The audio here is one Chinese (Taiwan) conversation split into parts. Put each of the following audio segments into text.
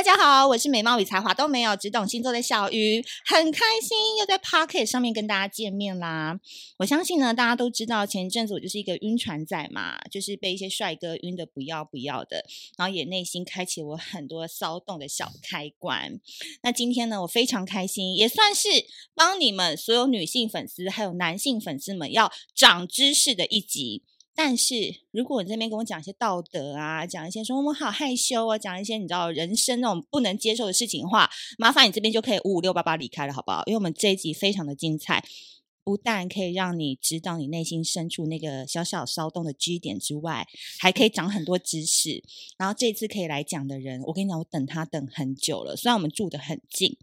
大家好，我是美貌與才華都沒有，只懂星座的小魚，很開心又在 Pocket 上面跟大家見面啦。我相信呢，大家都知道，前一陣子我就是一個暈船仔嘛，就是被一些帥哥暈得不要不要的，然後也內心開啟我很多騷動的小開關。那今天呢，我非常開心，也算是幫你們所有女性粉絲還有男性粉絲們要長知識的一集。但是，如果你這邊跟我講一些道德啊，講一些說我好害羞啊，講一些你知道人生那種不能接受的事情的話，麻煩你這邊就可以五五六八八離開了，好不好？因為我們這一集非常的精彩，不但可以讓你知道你內心深處那個小小騷動的支點之外，還可以長很多知識。然後這次可以來講的人，我跟你講，我等他等很久了，雖然我們住得很近。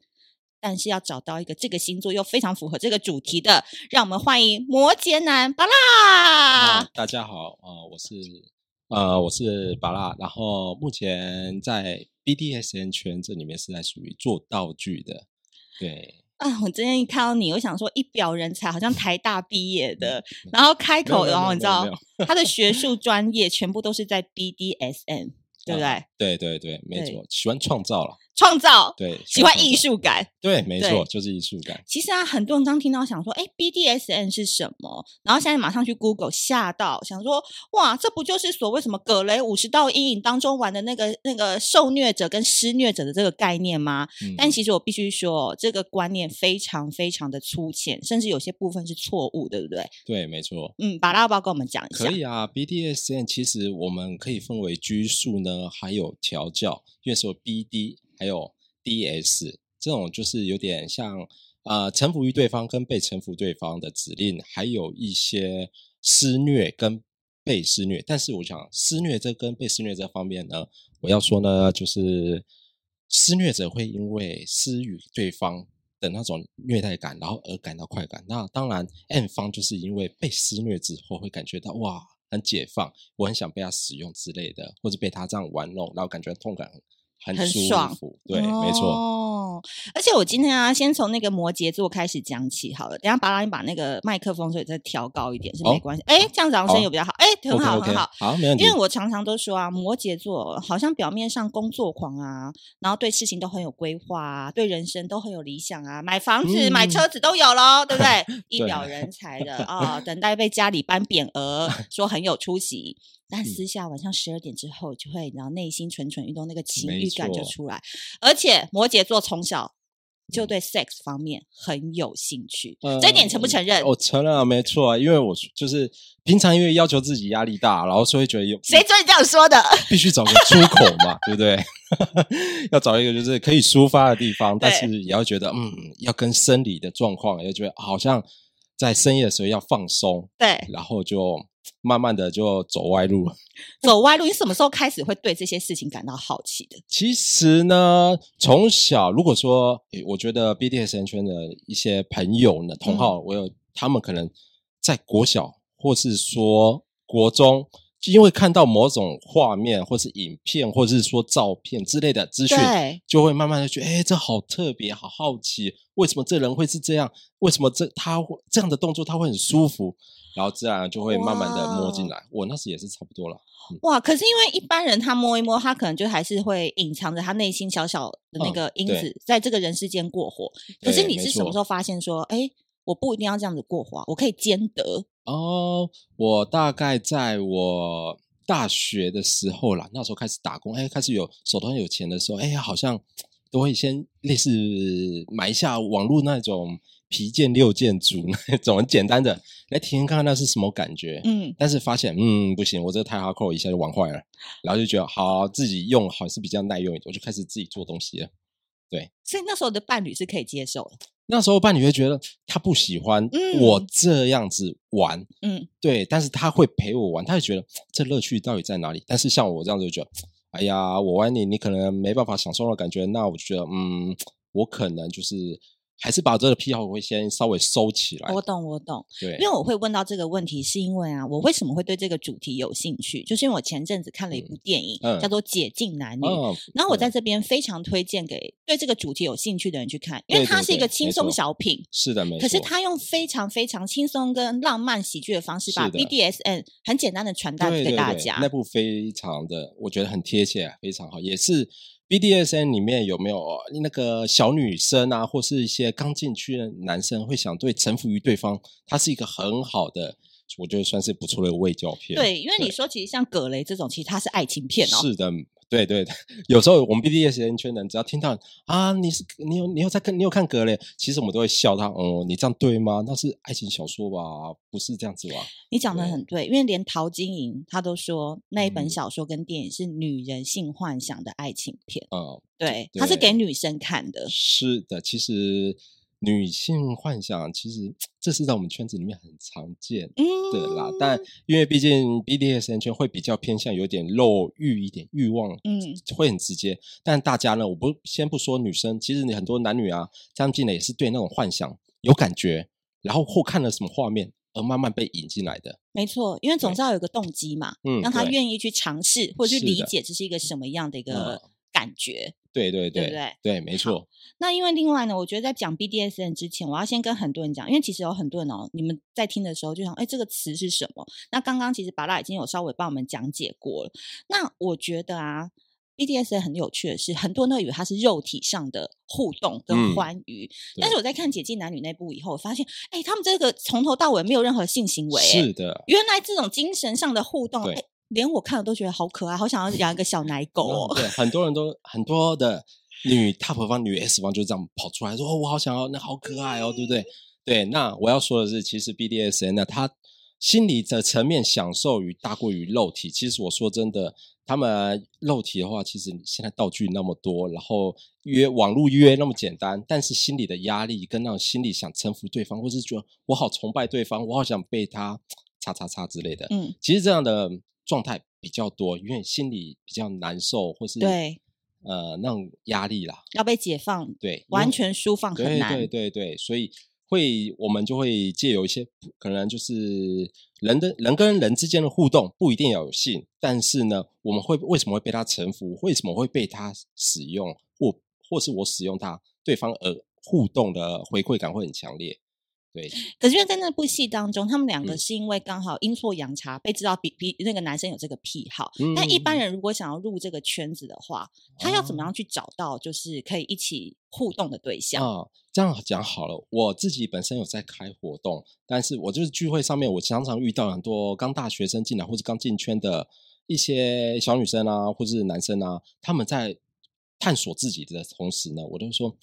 但是要找到一個這個星座又非常符合這個主題的，讓我們歡迎摩羯男巴拉。啊、大家好，呃，我是呃，我是巴拉。然後目前在 BDSM 圈這裡面是在屬於做道具的。對啊，我今天一看到你，我想說一表人才，好像台大畢業的。嗯、然後開口，有然後你知道他 的學術專業全部都是在 BDSM，對不對？啊對對對，沒錯，對喜歡創造了創造，對，喜歡藝術感，對,喜歡藝術感對，沒錯，對就是藝術感。其實啊，很多人剛聽到想說，哎，BDSM 是什麼？然後現在馬上去 Google，嚇到想說，哇，這不就是所謂什麼《葛雷五十道陰影》當中玩的那個那個受虐者跟施虐者的這個概念嗎？嗯。但其實我必須說，這個觀念非常非常的粗淺，甚至有些部分是錯誤，對不對？對，沒錯。嗯，bala 包給我們講一下。可以啊，BDSM 其實我們可以分為拘束呢，還有。調教，因為是說 BD 還有 DS 這種，就是有點像啊、呃，臣服於對方跟被臣服對方的指令，還有一些施虐跟被施虐。但是我想，施虐這跟被施虐這方面呢，我要說呢，就是施虐者會因為施予對方的那種虐待感，然後而感到快感。那當然，M 方就是因為被施虐之後，會感覺到哇。很解放，我很想被他使用之類的，或者被他這樣玩弄，然後感覺痛感很。很爽，對，沒錯。哦，而且我今天啊，先從那個摩羯座開始講起好了。等下，巴拉，你把那個麥克風所以再調高一點，是沒關係。哎，這樣子聲音又比較好，哎，很好，很好，好，沒問題。因為我常常都說啊，摩羯座好像表面上工作狂啊，然後對事情都很有規劃啊，對人生都很有理想啊，買房子、買車子都有咯。對不對？一表人才的啊，等待被家裡頒匾額，說很有出息。但私下晚上十二點之後就會，然後內心蠢蠢欲動，那個情欲感就出來。錯而且摩羯座從小就對 sex 方面很有興趣，嗯、這一點承不承認？呃、我承認，沒錯，因為我就是平常因為要求自己壓力大，然後所以覺得有誰准這樣說的？必須找個出口嘛， 對不對？ 要找一個就是可以抒發的地方，對但是也要覺得嗯，要跟生理的狀況，也要覺得好像在深夜的時候要放鬆，對，然後就。慢慢的就走歪路了，走歪路。你什麼時候開始會對這些事情感到好奇的？其實呢，從小如果說，欸、我覺得 BDSM 圈的一些朋友呢，同好，嗯、我有他們可能在國小或是說國中。因為看到某種畫面，或是影片，或是說照片之類的資訊，對就會慢慢的覺得，哎、欸，這好特別，好好奇，為什麼這人會是這樣？為什麼這他會這樣的動作，他會很舒服？嗯、然後自然就會慢慢的摸進來。我哇那時也是差不多了。嗯、哇！可是因為一般人他摸一摸，他可能就還是會隱藏着他內心小小的那個因子，嗯、在這個人世間過活。可是你是、欸、什麼時候發現說，哎、欸，我不一定要這樣子過活、啊，我可以兼得。哦，oh，我大概在我大學的時候啦，那時候開始打工，哎、欸，開始有手頭有錢的時候，哎、欸、呀，好像都會先類似買一下網絡那種皮件六件組那種很簡單的，來體驗看看那是什麼感覺。嗯，但是發現嗯不行，我這個太 hardcore 一下就玩壞了，然後就覺得好自己用好是比較耐用一點，我就開始自己做東西了。對，所以那時候的伴侶是可以接受的。那時候伴侶會覺得他不喜歡我這樣子玩，嗯，嗯對，但是他會陪我玩，他會覺得這樂趣到底在哪裡？但是像我這樣子就覺得，哎呀，我玩你，你可能沒辦法享受的感覺，那我就覺得，嗯，我可能就是。還是把這個癖好我會先稍微收起來。我懂，我懂，我懂。對，因為我會問到這個問題，是因為啊，我為什麼會對這個主題有興趣？就是因為我前陣子看了一部電影，嗯、叫做《解禁男女》，嗯嗯、然後我在這邊非常推薦給對這個主題有興趣的人去看，因為它是一個輕鬆小品。對對對。是的，沒錯。可是他用非常非常輕鬆跟浪漫喜劇的方式，把 BDSM 很簡單的傳達給大家。對對對對。那部非常的我覺得很貼切、啊，非常好，也是。BDSM 裡面有沒有那個小女生啊，或是一些剛進去的男生會想對臣服於對方？他是一個很好的，我覺得算是不錯的衛教片。對，對因為你說其實像葛雷這種，其實它是愛情片哦。是的。對對，有時候我們 BDSM 圈的人，只要聽到啊，你是你有你有在看，你有看《格雷》，其實我們都會笑他。哦、嗯，你這樣對嗎？那是愛情小說吧？不是這樣子吧？你講的很對，對因為連陶晶瑩她都說，那一本小說跟電影是女人性幻想的愛情片。嗯，對，她對是給女生看的。是的，其實。女性幻想，其實這是在我們圈子裡面很常見的啦，嗯、但因為畢竟 BDSM 圈會比較偏向有點露欲一點慾望，嗯，會很直接。但大家呢，我不先不說女生，其實你很多男女啊，將近的也是對那種幻想有感覺，然後或看了什麼畫面而慢慢被引進來的。沒錯，因為總是要有個動機嘛，對嗯，讓他願意去嘗試對或者去理解這是一個什麼樣的一個。感覺對對對，對對，對沒錯。那因為另外呢，我覺得在講 BDSM 之前，我要先跟很多人講，因為其實有很多人哦，你們在聽的時候就想，哎，這個詞是什麼？那剛剛其實巴拉已經有稍微幫我們講解過了。那我覺得啊，BDSM 很有趣的是，很多人都以為它是肉體上的互動跟歡愉，嗯、但是我在看《解禁男女》那部以後，我發現，哎，他們這個從頭到尾沒有任何性行為，是的。原來這種精神上的互動，哎。連我看了都覺得好可愛，好想要養一個小奶狗、嗯。對，很多人都很多的女 top 方、 女 S 方就這樣跑出來說：“我好想要，那好可愛哦，對不對？”對。那我要說的是，其實 BDSN 呢，他心理的層面享受於大過於肉體。其實我說真的，他們肉體的話，其實現在道具那麼多，然後約網絡約那麼簡單，但是心理的壓力跟那種心理想臣服對方，或是覺得我好崇拜對方，我好想被他叉叉叉之類的。嗯，其實這樣的。狀態比較多，因為心裡比較難受，或是對呃那種壓力啦，要被解放，對因為完全釋放很難，對,對對對，所以會我們就會借由一些可能就是人的人跟人之間的互動不一定要有性，但是呢，我們會為什麼會被他臣服？為什麼會被他使用，或或是我使用他對方呃互動的回饋感會很強烈。對，可是因為在那部戲當中，他們兩個是因為剛好陰錯陽差，嗯、被知道比比那個男生有這個癖好。嗯、但一般人如果想要入這個圈子的話，嗯、他要怎麼樣去找到就是可以一起互動的對象啊？這樣講好了，我自己本身有在開活動，但是我就是聚會上面，我常常遇到很多剛大學生進來或者剛進圈的一些小女生啊，或是男生啊，他們在探索自己的同時呢，我都說，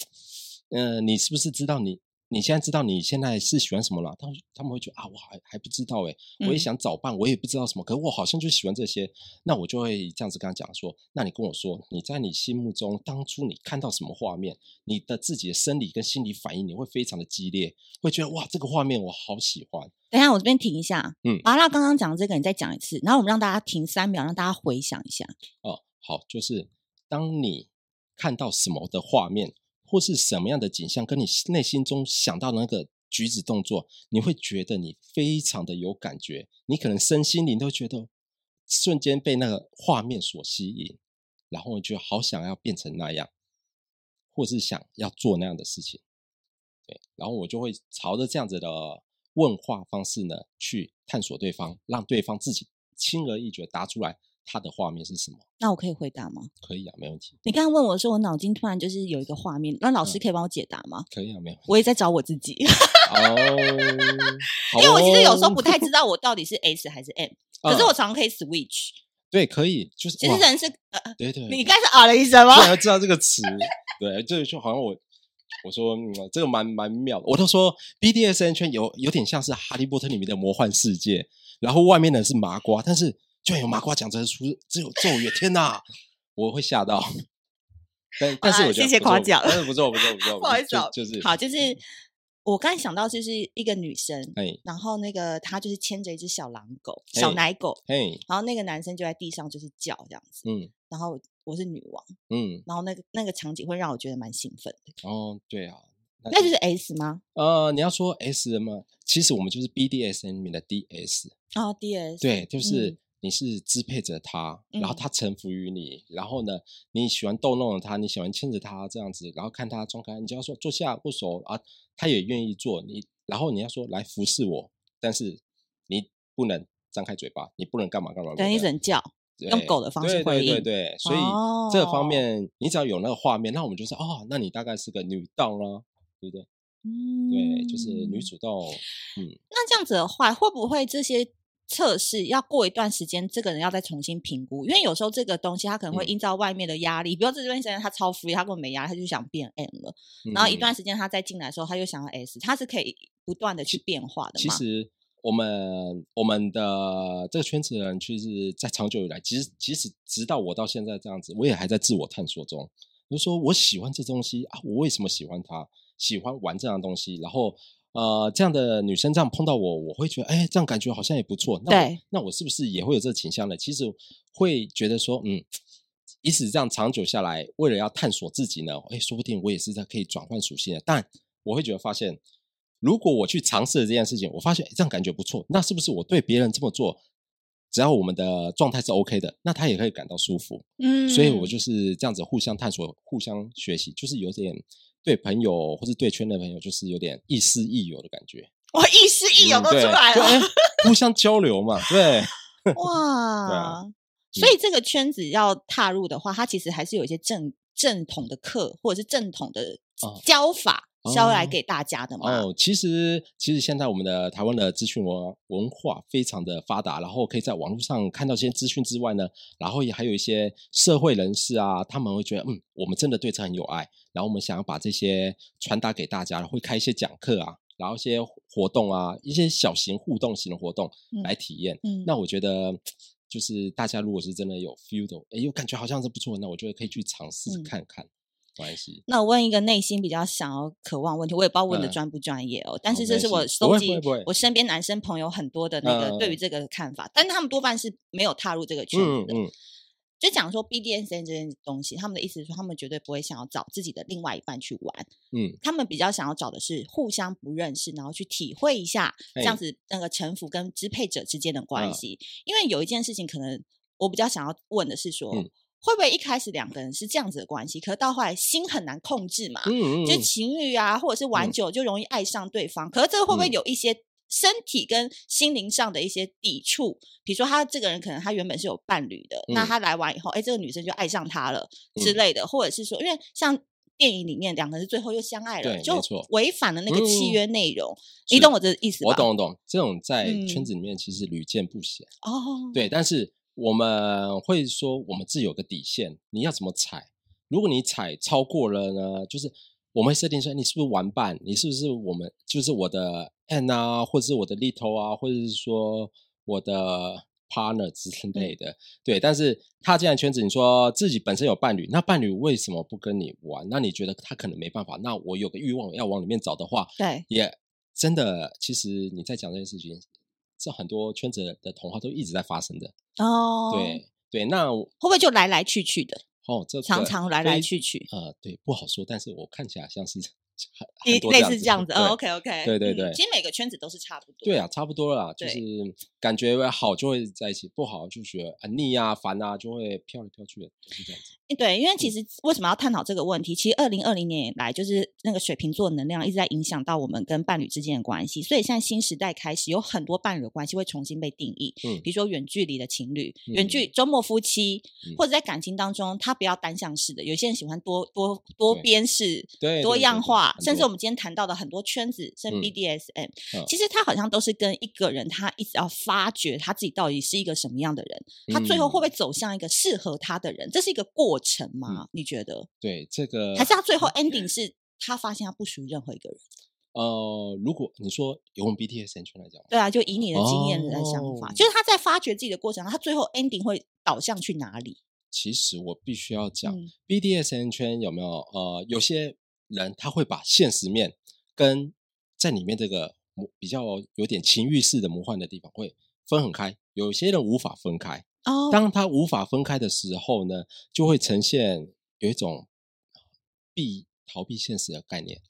嗯、呃，你是不是知道你？你現在知道你現在是喜歡什麼了？他們他們會覺得啊，我還還不知道誒、欸，我也想找伴，我也不知道什麼，嗯、可是我好像就喜歡這些。那我就會這樣子跟他講說，那你跟我說，你在你心目中當初你看到什麼畫面？你的自己的生理跟心理反應，你會非常的激烈，會覺得哇，這個畫面我好喜歡。等一下，我這邊停一下。嗯，好、啊，那剛剛講的這個，你再講一次，然後我們讓大家停三秒，讓大家回想一下。哦、嗯、好，就是當你看到什麼的畫面，或是什麼樣的景象，跟你內心中想到的那個舉止動作，你會覺得你非常的有感覺，你可能身心靈都覺得瞬間被那個畫面所吸引，然後就好想要變成那樣，或是想要做那樣的事情，對，然後我就會朝着這樣子的問話方式呢，去探索對方，讓對方自己輕而易舉的答出來。他的畫面是什麼？那我可以回答嗎？可以啊，沒問題。你剛剛問我說，我腦筋突然就是有一個畫面，那老師可以幫我解答嗎、嗯？可以啊，沒有。我也在找我自己。因為我其實有時候不太知道我到底是 S 還是 M，、嗯、可是我常常可以 switch。對，可以，就是。其實人是。哇呃、對，對對。你剛是啊了一聲嗎？突然知道這個詞，對，這就好像我我說、嗯、這個蠻蠻妙的，我都說 B D S M 圈有有點像是哈利波特裡面的魔幻世界，然後外面呢是麻瓜，但是。就有麻瓜講真的，只有咒語，天哪，我會嚇到。但但是，謝謝誇獎。但是不錯，不錯，不錯。不好意思，就是好，就是我剛才想到，就是一個女生，哎，然後那個她就是牽着一只小狼狗，小奶狗，哎，然後那個男生就在地上就是叫這樣子，嗯，然後我是女王，嗯，然後那個那個場景會讓我覺得蠻興奮的。哦，對啊，那就是 S 嗎？呃，你要說 S 的嗎？其實我們就是 BDSM 裡面的 DS 啊，DS，對，就是。你是支配着他，然後他臣服於你，嗯、然後呢，你喜歡逗弄他，你喜歡牽着他這樣子，然後看他裝開。你就要說坐下，不熟啊，他也願意做。你，然後你要說，來服侍我，但是你不能張開嘴巴，你不能幹嘛幹嘛。等你忍叫，對用狗的方式回應對，對對對，所以這方面你只要有那個畫面，哦、那我們就是哦，那你大概是個女道啦、啊，對不對？嗯，對，就是女主動。嗯，那這樣子的話，會不會這些？測試要過一段時間，這個人要再重新評估，因為有時候這個東西他可能會因為外面的壓力，嗯、比如說這段時間他超 free，它，他根本沒壓力，他就想變 M 了。嗯、然後一段時間他再進來的時候，他又想要 S，他是可以不斷的去變化的。其實我們我們的這個圈子的人，其實在長久以來，其實其實直到我到現在這樣子，我也還在自我探索中。比如說我喜歡這東西啊，我為什麼喜歡它？喜歡玩這樣的東西，然後。呃，這樣的女生這樣碰到我，我會覺得，哎，這樣感覺好像也不錯。對那我那我是不是也會有這個傾向呢？其實會覺得說，嗯，即使這樣長久下來，為了要探索自己呢，哎，說不定我也是在可以轉換屬性的。但我會覺得發現，如果我去嘗試了這件事情，我發現哎，這樣感覺不錯，那是不是我對別人這麼做？只要我們的狀態是 OK 的，那他也可以感到舒服。嗯，所以我就是這樣子互相探索、互相學習，就是有點對朋友或是對圈的朋友，就是有點亦師亦友的感覺。哇，亦師亦友都出來了，嗯、互相交流嘛， 對，哇， 對所以這個圈子要踏入的話，它其實還是有一些正正統的課，或者是正統的教法。啊是來給大家的嘛、哦？哦，其實其實現在我們的台灣的資訊文文化非常的發達，然後可以在網絡上看到這些資訊之外呢，然後也還有一些社會人士啊，他們會覺得嗯，我們真的對這很有愛，然後我們想要把這些傳達給大家，會開一些講課啊，然後一些活動啊，一些小型互動型的活動來體驗。嗯嗯、那我覺得就是大家如果是真的有 feel 到，哎，有感覺好像是不錯，那我覺得可以去嘗試看看。嗯關係。那我問一個內心比較想要渴望問題，我也不知道問的專不專業哦，嗯、但是這是我收集我身邊男生朋友很多的那個對於這個看法，嗯、但他們多半是沒有踏入這個圈子的。嗯嗯、就講說 BDSM 這件東西，他們的意思是說，他們絕對不會想要找自己的另外一半去玩。嗯，他們比較想要找的是互相不認識，然後去體會一下這樣子那個臣服跟支配者之間的關係。嗯、因為有一件事情，可能我比較想要問的是說。嗯會不會一開始兩個人是這樣子的關係，可到後來心很難控制嘛？嗯嗯，就情侶啊，或者是玩久了就容易愛上對方。可是這個會不會有一些身體跟心靈上的一些抵觸？比如說他這個人可能他原本是有伴侶的，那他來玩以後，哎，這個女生就愛上他了之類的，或者是說，因為像電影裡面兩個人最後又相愛了，就違反了那個契約內容。你懂我的意思吧？我懂我懂，這種在圈子裡面其實屢見不鮮哦。對，但是。我們會說，我們自己有個底線，你要怎麼踩？如果你踩超過了呢？就是我們會設定說，你是不是玩伴？你是不是我們就是我的 N 啊，或者是我的 Little 啊，或者是說我的 Partner 之類的？嗯、對。但是他這樣圈子，你說自己本身有伴侶，那伴侶為什麼不跟你玩？那你覺得他可能沒辦法？那我有個慾望要往裡面找的話，對，也真的，其實你在講這件事情。這很多圈子的童話都一直在發生的哦，對對，那我會不會就來來去去的哦？這常常來來去去，呃，對，不好說，但是我看起來像是很類似這樣子對，哦，OK OK，對對對，其實、嗯、每個圈子都是差不多，對啊，差不多啦，對就是感覺好就會在一起，不好就覺得啊膩啊煩啊，就會飄來飄去的，就是這樣子。對，因為其實為什麼要探討這個問題？其實二零二零年以來，就是那個水瓶座能量一直在影響到我們跟伴侶之間的關係。所以現在新時代開始，有很多伴侶的關係會重新被定義。嗯。比如說遠距離的情侶、遠距周末夫妻，或者在感情當中，他不要單向式的。有些人喜歡多多多邊式，對，多樣化。甚至我們今天談到的很多圈子，像 BDSM，其實他好像都是跟一個人，他一直要發掘他自己到底是一個什麼樣的人，他最後會不會走向一個適合他的人？這是一個過。過程嗎？嗯、你覺得？對這個，還是他最後 ending 是他發現他不屬於任何一個人？嗯？呃，如果你說用 BDSM 圈來講，對啊，就以你的經驗來想法，哦，就是他在發掘自己的過程，他最後 ending 會導向去哪裡？其實我必須要講，嗯、BDSM 圈有沒有？呃，有些人他會把現實面跟在裡面這個比較有點情欲式的魔幻的地方會分很開，有些人無法分開。哦，oh. 當他無法分開的時候呢，就會呈現有一種避逃避現實的概念。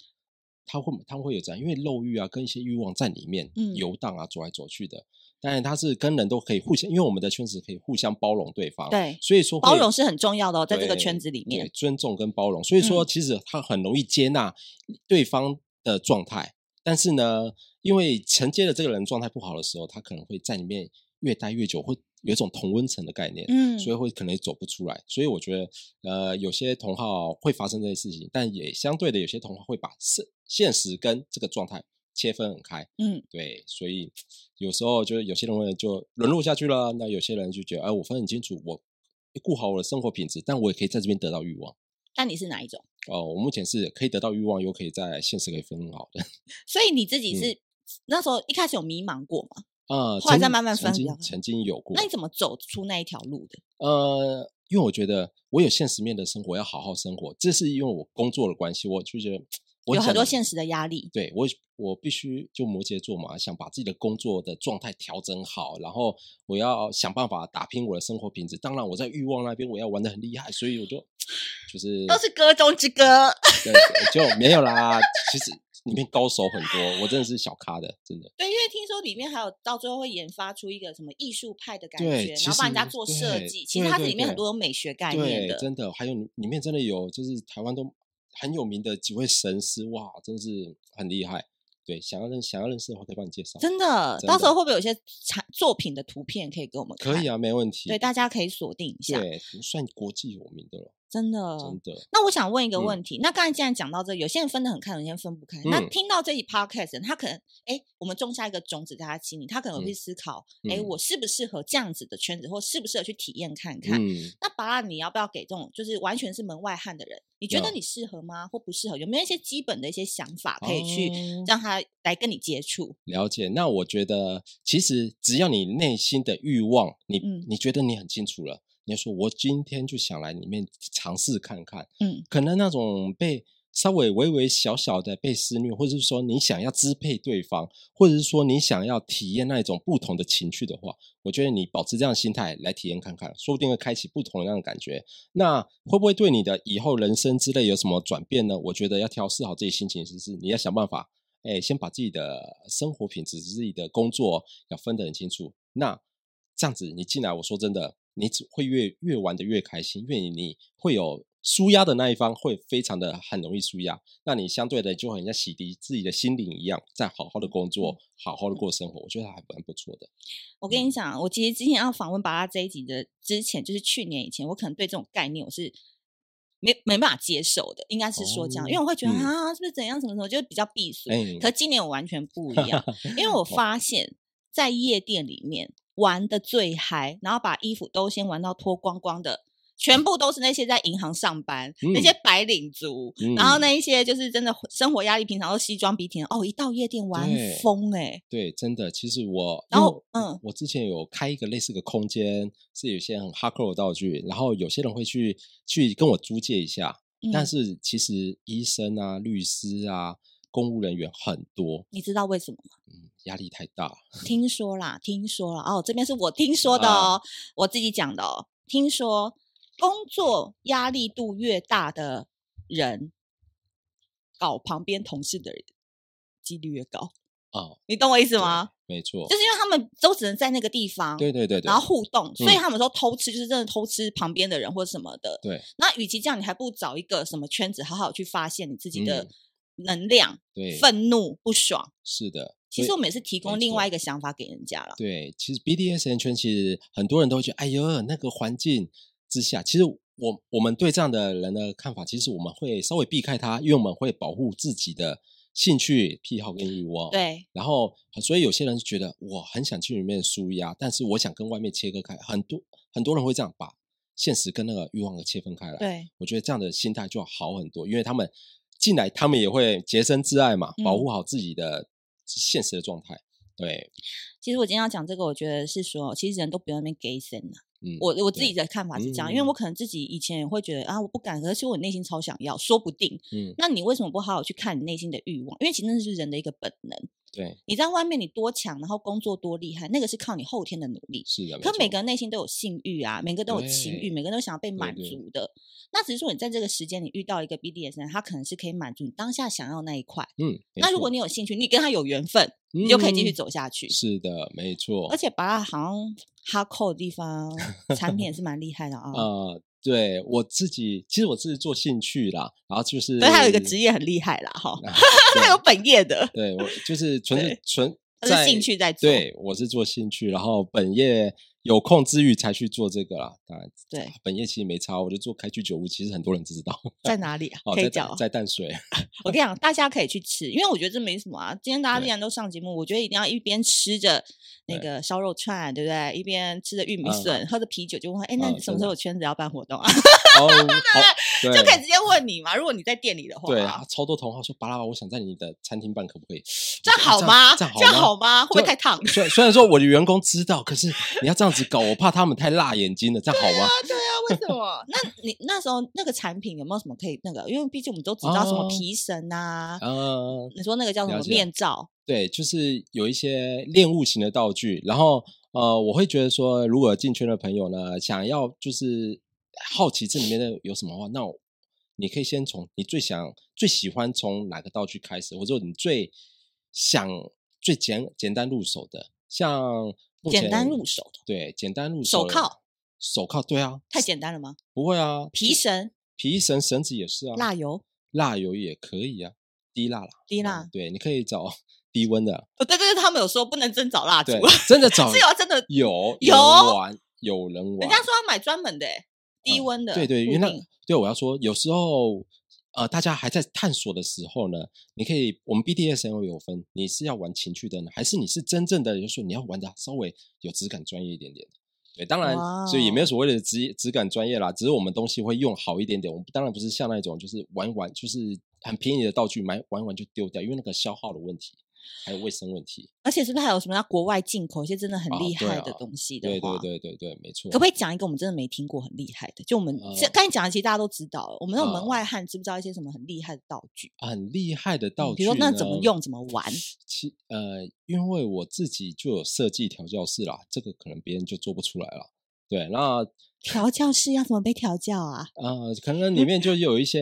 他會他會有這樣，因為肉欲啊，跟一些欲望在裡面、嗯、遊蕩啊，走來走去的。當然，他是跟人都可以互相，因為我們的圈子可以互相包容對方。對，所以說包容是很重要的、哦，在這個圈子裡面對對，尊重跟包容。所以說，其實他很容易接納對方的狀態。嗯、但是呢，因為承接的這個人狀態不好的時候，他可能會在裡面越待越久，會。有一種同溫層的概念，嗯，所以會可能走不出來。嗯、所以我覺得，呃，有些同好會發生這些事情，但也相對的，有些同好會把是現實跟這個狀態切分很開，嗯，對。所以有時候就是有些人會就淪落下去了，那有些人就覺得，哎、呃，我分很清楚，我顧好我的生活品質，但我也可以在這邊得到欲望。那你是哪一種？哦、呃，我目前是可以得到欲望，又可以在現實可以分很好的。所以你自己是、嗯、那時候一開始有迷茫過嗎？呃，後來再，嗯，慢慢分，啊曾曾、曾經有過。那你怎麼走出那一條路的？呃，因為我覺得我有現實面的生活，我要好好生活，這是因為我工作的關係，我就覺得我有很多現實的壓力。對我，我必須就摩羯座嘛，想把自己的工作的狀態調整好，然後我要想辦法打拼我的生活品質。當然，我在欲望那邊我要玩得很厲害，所以我就就是都是歌中之歌，對對對，就沒有啦。 其實。裡面高手很多， 我真的是小咖的，真的。對，因為聽說裡面還有到最後會研發出一個什麼藝術派的感覺，然後幫人家做設計。對其實它這裡面很多有美學概念的，對對對對對真的。還有裡面真的有，就是台灣都很有名的幾位神師，哇，真的是很厲害。對，想要認想要認識的話，可以幫你介紹。真的，真的到時候會不會有些產作品的圖片可以給我們看？可以啊，沒問題。對，大家可以鎖定一下。對，算國際有名的了。真的，真的。那我想問一個問題，嗯、那剛才既然講到這個，有些人分得很開，有些人分不開。嗯、那聽到這一 podcast，他可能，哎，我們種下一個種子在他心裡，他可能會思考，哎，嗯嗯，我適不適合這樣子的圈子，或適不適合去體驗看看？嗯、那 bala 你要不要給這種，就是完全是門外漢的人，你覺得你適合嗎？嗯、或不適合？有沒有一些基本的一些想法可以去讓他來跟你接觸？嗯、了解。那我覺得，其實只要你內心的欲望，你、嗯、你覺得你很清楚了。你要說我今天就想來裡面嘗試看看，嗯，可能那種被稍微微微小小的被施虐，或者是說你想要支配對方，或者是說你想要體驗那一種不同的情緒的話，我覺得你保持這樣的心態來體驗看看，說不定會開啟不同的那種感覺。那會不會對你的以後人生之類有什麼轉變呢？我覺得要調適好自己心情，是不是你要想辦法，哎，先把自己的生活品質、自己的工作要分得很清楚。那這樣子你進來，我說真的。你只會越越玩的越開心，因為你會有舒壓的那一方會非常的很容易舒壓，那你相對的就很像洗滌自己的心靈一樣，再好好的工作，好好的過生活，嗯、我覺得還蠻不錯的。我跟你講，我其實之前要訪問巴拉這一集的之前，就是去年以前，我可能對這種概念，我是沒沒辦法接受的，應該是說這樣，哦、因為我會覺得、嗯、啊，是不是怎樣怎麼怎麼，就比較閉鎖。哎、可今年我完全不一樣， 因為我發現在夜店裡面。玩得最嗨，然後把衣服都先玩到脫光光的，全部都是那些在銀行上班、嗯、那些白領族，嗯、然後那一些就是真的生活壓力平常都西裝筆挺，哦，一到夜店玩瘋哎、欸，對，真的，其實我，我然後嗯，我之前有開一個類似的空間，是有些很 hardcore 的道具，然後有些人會去去跟我租借一下，嗯、但是其實醫生啊，律師啊。公務人員很多，你知道為什麼嗎？嗯、壓力太大。 聽說啦，聽說了哦，這邊是我聽說的哦，啊、我自己講的哦。聽說工作壓力度越大的人，搞旁邊同事的人幾率越高哦，啊、你懂我意思嗎？沒錯，就是因為他們都只能在那個地方，對，對對對，然後互動，所以他們說偷吃、嗯、就是真的偷吃旁邊的人或者什麼的。對，那與其這樣，你還不如找一個什麼圈子，好好去發現你自己的、嗯。能量，對，憤怒，不爽。是的。其實我們，也是提供另外一個想法給人家了。對，其實 BDSM 圈其實很多人都覺得，哎呦，那個環境之下，其實我我們對這樣的人的看法，其實我們會稍微避開他，因為我們會保護自己的興趣、癖好跟欲望。對。然後，所以有些人就覺得我很想去裡面舒壓，但是我想跟外面切割開。很多很多人會這樣把現實跟那個欲望給切分開了。對，我覺得這樣的心態就好很多，因為他們。進來，他們也會潔身自愛嘛，保護好自己的現實的狀態。嗯、對，其實我今天要講這個，我覺得是說，其實人都不用在那邊假掰了。嗯，我我自己的看法是這樣，嗯、因為我可能自己以前也會覺得啊，我不敢，而且我內心超想要，說不定。嗯，那你為什麼不好好去看你內心的慾望？因為其實那是人的一個本能。對，你在外面你多強，然後工作多厲害，那個是靠你後天的努力。是的，沒錯。可每個人內心都有性欲啊，每個都有情欲，對每個都想要被滿足的。對對，那只是說你在這個時間你遇到一個 BDSM，他可能是可以滿足你當下想要的那一塊。嗯，那如果你有興趣，你跟他有緣分，嗯、你就可以繼續走下去。是的，沒錯。而且把它好像 hardcore 的地方產品也是蠻厲害的啊、哦。 呃對我自己，其實我自己做興趣啦，然後就是，但，還有一個職業很厲害啦，哈，啊、還有本業的，對我就是純對純純在，他是興趣在做，對我是做興趣，然後本業。有空之餘才去做這個啦，當然，對。本業其實沒差，我就做開居酒屋，其實很多人知道。在哪裡啊？在淡水。我跟你講，大家可以去吃，因為我覺得這沒什麼啊。今天大家既然都上節目，我覺得一定要一邊吃着那個燒肉串，對不對？一邊吃着玉米筍，喝着啤酒，就問：哎，那你什麼時候有圈子要辦活動啊？哈哈對？就可以直接問你嘛。如果你在店裡的話，對啊，超多同行說：巴拉巴，我想在你的餐廳辦，可不可以？這樣好嗎？這樣好嗎？會不會太燙？雖然說我的員工知道，可是你要這樣。 我怕他們太辣眼睛了，這樣好嗎？對啊，啊、為什麼？ 那你那時候那個產品有沒有什麼可以那個？因為畢竟我們都知道什麼皮繩啊，呃、啊，啊、你說那個叫什麼面罩？啊、對，就是有一些戀物型的道具。然後呃，我會覺得說，如果進圈的朋友呢，想要就是好奇這裡面的有什麼話，那你可以先從你最想、最喜歡從哪個道具開始，或者你最想最簡簡單入手的，像。簡單入手的，對，簡單入手，手銬，手銬，對啊，太簡單了嗎？不會啊，皮繩，皮繩，繩子也是啊，蠟油，蠟油也可以啊，滴蠟啦。滴蠟，對，你可以找低溫的，哦，對對，他們有說不能真找蠟燭，真的找，是有真的有有人玩，有人玩，人家說要買專門的低溫的，對對，因為那對，我要說有時候。呃，大家還在探索的時候呢，你可以，我們 BDSM 有分，你是要玩情趣的呢，還是你是真正的，就是說你要玩的稍微有質感專業一點點，對，當然，所以也沒有所謂的質質感專業啦，只是我們東西會用好一點點，我們當然不是像那種就是玩玩，就是很便宜的道具買，買玩玩就丟掉，因為那個消耗的問題。還有衛生問題，而且是不是還有什麼要國外進口一些真的很厲害的東西的？啊對，啊、對對對對對，沒錯。可不可以講一個我們真的沒聽過很厲害的？就我們剛、呃、才講的，其實大家都知道了。我們那種門外漢、呃、知不知道一些什麼很厲害的道具？很厲害的道具，嗯，比如說那怎麼用怎麼玩？其、呃，因為我自己就有設計調教室啦，這個可能別人就做不出來了。對，那。調教室要怎麼被調教啊？呃、嗯，可能裡面就有一些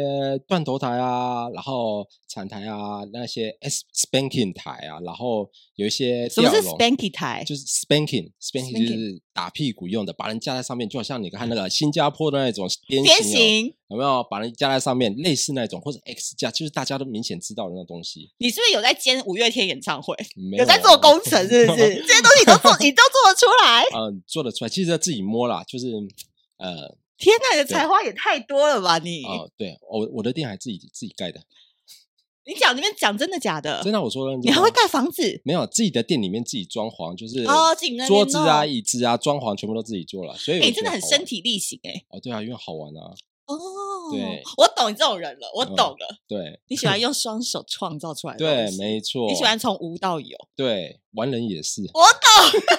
斷頭台啊， 然後產台啊，那些 spanking 台啊，然後有一些什麼是 spanking 台？就是 spanking spanking sp 就是打屁股用的，把人架在上面，就好像你看那個新加坡的那種鞭刑,、啊、鞭刑有沒有把人架在上面？類似那種，或者 X 架，就是大家都明顯知道的那東西。你是不是有在兼五月天演唱會？有,啊、有在做工程，是不是 這些東西都做？你都做得出來？嗯，做得出來，其實要自己摸啦，就是。呃，天吶，你的才華也太多了吧你！哦，對，我我的店還自己自己蓋的。你講你那邊講真的假的？真的。我說你還會蓋房子？沒有，自己的店裡面自己裝潢，就是哦，桌子啊、椅子啊，裝潢全部都自己做了。所以，你真的很身體力行哎。哦，對啊，因為好玩啊。哦，對，我懂你這種人了，我懂了。對，你喜歡用雙手創造出來的東西。對，沒錯。你喜歡從無到有。對，玩人也是。我懂。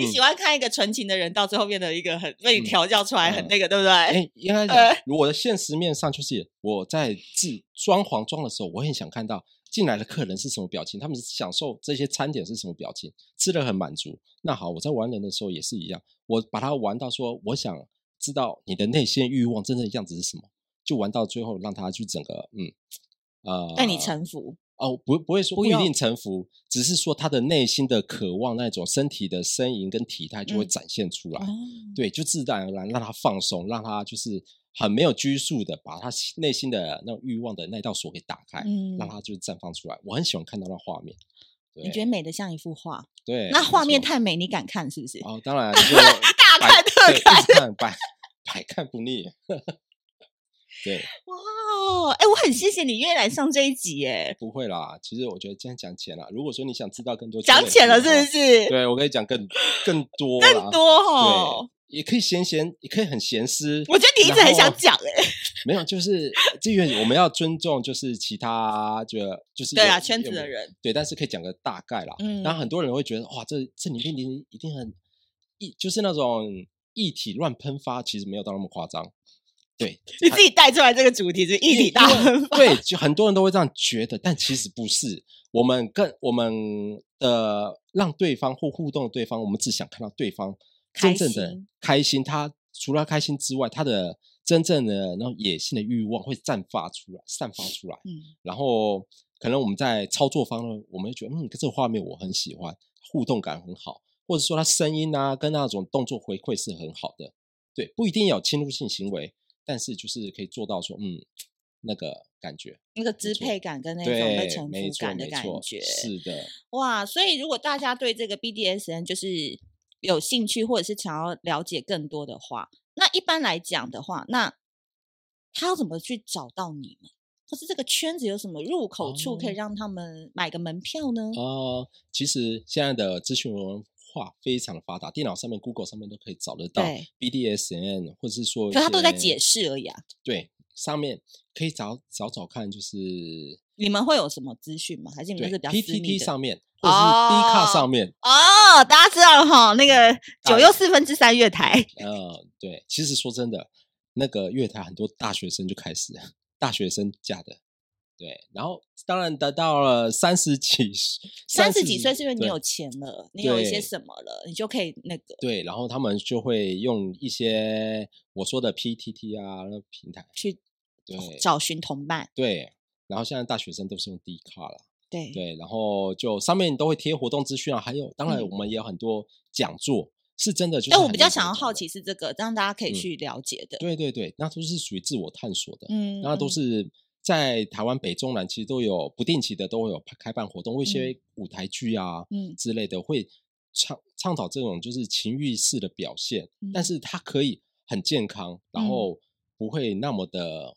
你喜歡看一個純情的人，嗯、到最後變得一個很被調教出來很那個，嗯嗯，對不對？哎，應該是如果現實面上就是我在製，裝潢裝的時候，我很想看到進來的客人是什麼表情，他們享受這些餐點是什麼表情，吃的很滿足。那好，我在玩人的時候也是一樣，我把他玩到說，我想知道你的內心慾望真正的樣子是什麼，就玩到最後讓他去整個嗯呃，帶你臣服。哦，不，不會說不一定臣服，不用，只是說他的內心的渴望，那種身體的呻吟跟體態就會展現出來。嗯哦、對，就自然而然讓他放鬆，讓他就是很沒有拘束的，把他內心的那種欲望的那道鎖給打開，嗯、讓他就綻放出來。我很喜歡看到那畫面，你覺得美的像一幅畫。對，那畫面、沒錯、太美，你敢看是不是？哦，當然，啊， 大看特看，百看不膩。 對，哇、哦，哎，我很謝謝你願意來上這一集耶，哎，不會啦，其實我覺得今天講淺了，如果說你想知道更多，講淺了是不是？對，我可以講更更多更多哈、哦，也可以閒閒，也可以很閒思。我覺得你一直後很想講、欸，哎，沒有，就是這，個我們要尊重，就是其他，就就是 對啊，圈子的人，對，但是可以講個大概啦。嗯，然後很多人會覺得，哇，這這裡面一定一定很一，就是那種液體亂噴發，其實沒有到那麼誇張。對，你自己帶出來這個主題是,是一體大文化。對，就很多人都會這樣覺得，但其實不是。我們跟我們呃讓對方或互動對方，我們只想看到對方真正的開心。開心他除了他開心之外，他的真正的那種野性的欲望會散發出來，散發出來。嗯。然後可能我們在操作方呢，我們覺得嗯，這個畫面我很喜歡，互動感很好，或者說他聲音啊跟那種動作回饋是很好的。對，不一定要有侵入性行為。但是就是可以做到說，嗯，那個感覺，那個支配感跟那種被臣服感的感覺，是的，哇！所以如果大家對這個 BDSM 就是有興趣，或者是想要了解更多的話，那一般來講的話，那他要怎麼去找到你們？可是這個圈子有什麼入口處可以讓他們買個門票呢？哦、呃，其實現在的資訊人化非常的發達，電腦上面、Google 上面都可以找得到 BDSN。對或者是說，他都在解釋而已啊。對，上面可以找找找看，就是你們會有什麼資訊嗎？還是你們是比較私上面或者是 d 卡上面哦，哦，大家知道哈，那個九又四分之三月台。嗯、呃，對，其實說真的，那個月台很多大學生就開始，大學生架的。對，然後當然得到了三十幾歲，三十幾歲是因為你有錢了，你有一些什麼了，你就可以那個。對，然後他們就會用一些我說的 P T T 啊，那平台去找尋同伴。對，然後現在大學生都是用 D 卡了。對對，然後就上面都會貼活動資訊啊，還有當然我們也有很多講座是真的就是。但我比較想要好奇是這個，讓大家可以去了解的。對對對，那都是屬於自我探索的。嗯，那都是。在台灣北中南其實都有不定期的都會有開辦活動，會一些舞台劇啊之類的、嗯嗯、會倡倡導這種就是情欲式的表現，嗯、但是它可以很健康，然後不會那麼的，嗯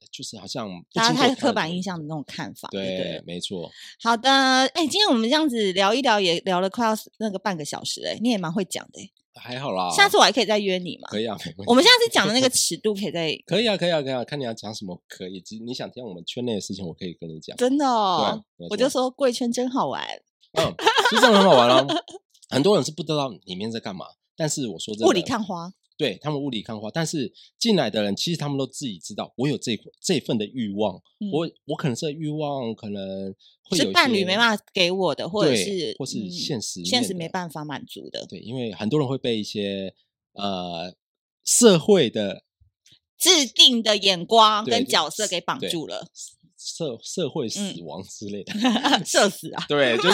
呃、就是好像大家太刻板印象的那種看法，對，對了沒錯錯。好的，哎、欸，今天我們這樣子聊一聊，也聊了快要那個半個小時，哎，你也蠻會講的。還好啦，下次我還可以再約你嘛？可以啊，沒關係。我們現在是講的那個尺度，可以再 可以啊，可以啊，可以啊，看你要講什麼，可以。其實你想聽我們圈內的事情，我可以跟你講。真的哦，對我就說貴圈真好玩，嗯，其實 真的很好玩哦，很多人是不知道裡面在幹嘛，但是我說真的，霧裡看花。對，他們霧裡看花，但是進來的人其實他們都自己知道，我有這這份的慾望，嗯、我我可能是慾望可能會是伴侶沒辦法給我的，或者是或是現實現實沒辦法滿足的。對，因為很多人會被一些呃社會的制定的眼光跟角色給綁住了，對對社社會死亡之類的社、嗯、 死啊。對，就是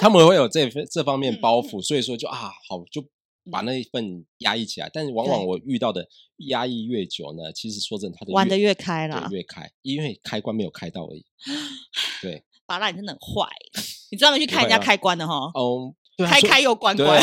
他們會有這份 這方面包袱，所以說就啊好就。把那一份壓抑起來，但是往往我遇到的壓抑越久呢，對其實說真的，玩的越，玩越開了，越開，因為開關沒有開到而已。對，巴拉你真的很壞，你專門去看人家開關的哈。啊、哦，對啊、開開又關關，對，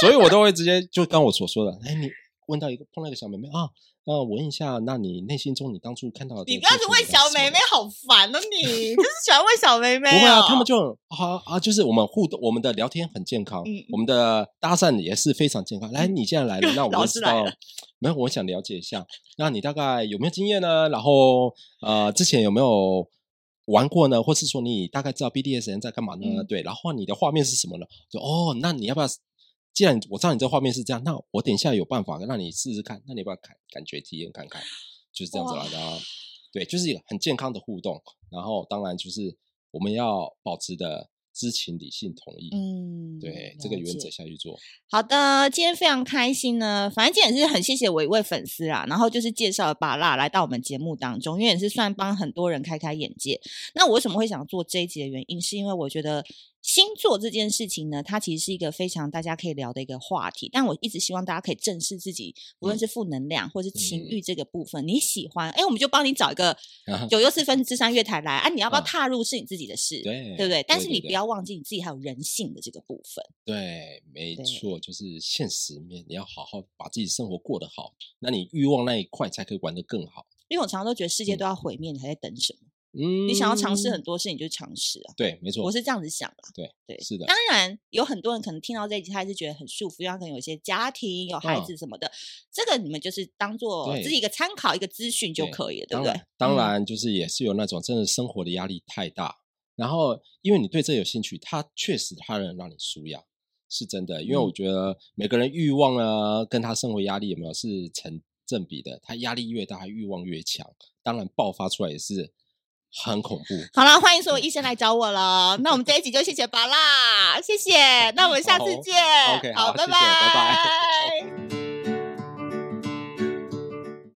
所以，我都會直接就當我所說的，哎、 欸、你。問到一個碰到一個小妹妹啊，那我問一下，那你內心中你當初看到的。你不要只問小妹妹，好煩啊你，你就 是喜歡問小妹妹。哦。不會啊，他們就好啊，啊，就是我們互動，我們的聊天很健康，嗯、我們的搭訕也是非常健康。嗯、來，你現在來了，那我知道，了沒有，我想了解一下，那你大概有沒有經驗呢？然後呃，之前有沒有玩過呢？或是說你大概知道 BDSM 在幹嘛呢？嗯、對，然後你的畫面是什麼呢？就哦，那你要不要？既然我知道你這畫面是這樣，那我等一下有辦法讓你試試看，那你把感感覺體驗看看，就是這樣子啦哇，對，就是一個很健康的互動。然後當然就是我們要保持的知情、理性、同意，嗯，對，了解這個原則下去做。好的，今天非常開心呢，反正今天也是很謝謝我一位粉絲啊，然後就是介紹了巴啦來到我們節目當中，因為也是算幫很多人開開眼界。那我為什麼會想做這一集的原因，是因為我覺得。星座這件事情呢，它其實是一個非常大家可以聊的一個話題。但我一直希望大家可以正視自己，無論是負能量或者是情慾這個部分，嗯、對對對你喜歡，哎，我們就幫你找一個九又四分之三月台來啊，啊，你要不要踏入，是你自己的事，對，對不對？但是你不要忘記你自己還有人性的這個部分。對，對對對對對沒錯，就是現實面，你要好好把自己生活過得好，那你欲望那一塊才可以玩得更好。因為我常常都覺得世界都要毀滅，嗯、你還在等什麼？嗯、你想要嘗試很多事，你就嘗試啊。對，沒錯，我是這樣子想啊。對對，對是的。當然，有很多人可能聽到這一集，他還是覺得很舒服，因為他可能有一些家庭、有孩子什麼的。嗯、這個你們就是當做自己一個參考、一個資訊就可以，對不對，對，對對？當然，就是也是有那種、嗯、真的生活的壓力太大，然後因為你對這有興趣，它確實他能讓你舒壓，是真的。因為我覺得每個人欲望呢、啊，跟他生活壓力有沒有是成正比的，他壓力越大，他欲望越強，當然爆發出來也是。很恐怖。好啦，歡迎所有醫生來找我了。嗯、那我們這一集就謝謝 bala，謝謝。嗯、那我們下次見。好，哦、okay, 好，好謝謝拜拜，拜拜。